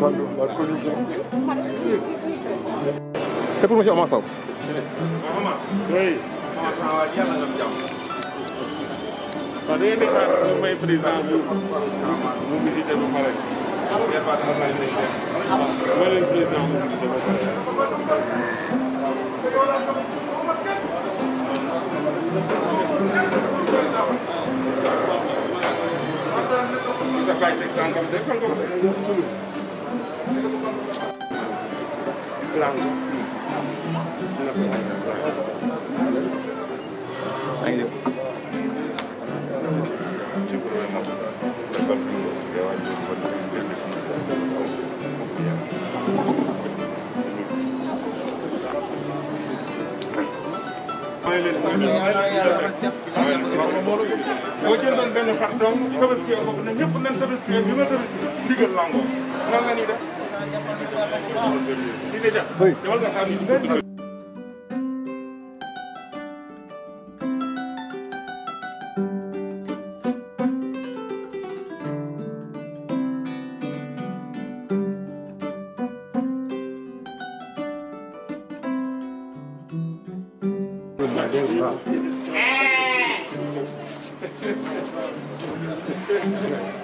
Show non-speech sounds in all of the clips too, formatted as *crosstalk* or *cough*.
dans la ma leen boo jël doon benn fax donc tabaski foofu ne ñëpp nañ tabaski bi nga tabaski ndigal langoo nan la ñuy def li nga def dawal nga xam ni Thank ah. *laughs* you.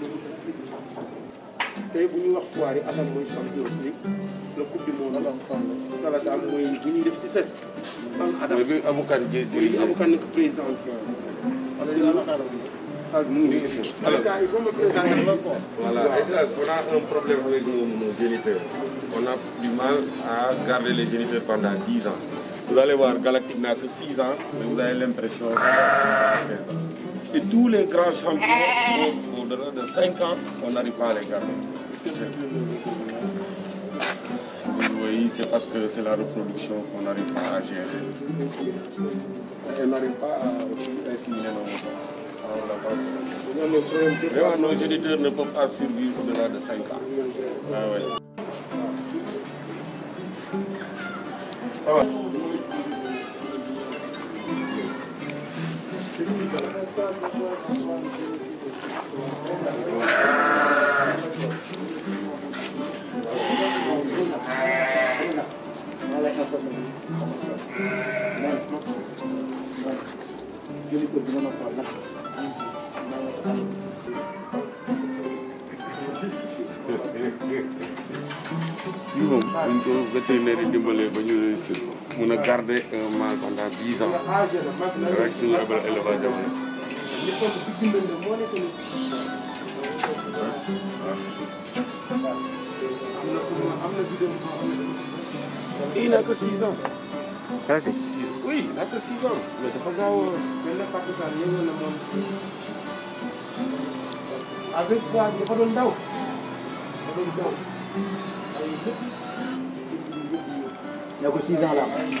tey bu ñuy wax foire yi asan mooy champions league la coupe du monde salata mooy bu ñuy def si ses san adam mooy bi amukan ji oui amukan nekk président parce que ah mu ngi fi alors il faut me présenter voilà on a un problème avec nos, nos géniteurs on a du mal à garder les géniteurs pendant 10 ans vous allez voir Galactique n'a que 6 ans mais vous avez l'impression Et tous les grands champions, eh. au-delà de 5 ans, on n'arrive pas à les garder. Oui, c'est parce que c'est la reproduction qu'on n'arrive pas à gérer. Elle n'arrive pas à assimiler nos Vraiment, nos géniteurs ne peuvent pas survivre au-delà de 5 ans. Ah ouais. Ah ouais. vétérinaire yi dimbalee ba ñu réussir mun a garder un mâle pendant dix ans rek suñu abal élevage am li ko dimbali la moo nekk nii. am na ku ma am na vidéo bu ma xam ne. lii naa ko 6 ans. naa ko 6 ans oui naa ko 6 ans. mais dafa gaaw a benn Fatou Sall yëngal na moom. avec poids bi dafa doon daw. dafa doon daw. ay yëpp. yaa ko 6 ans la am.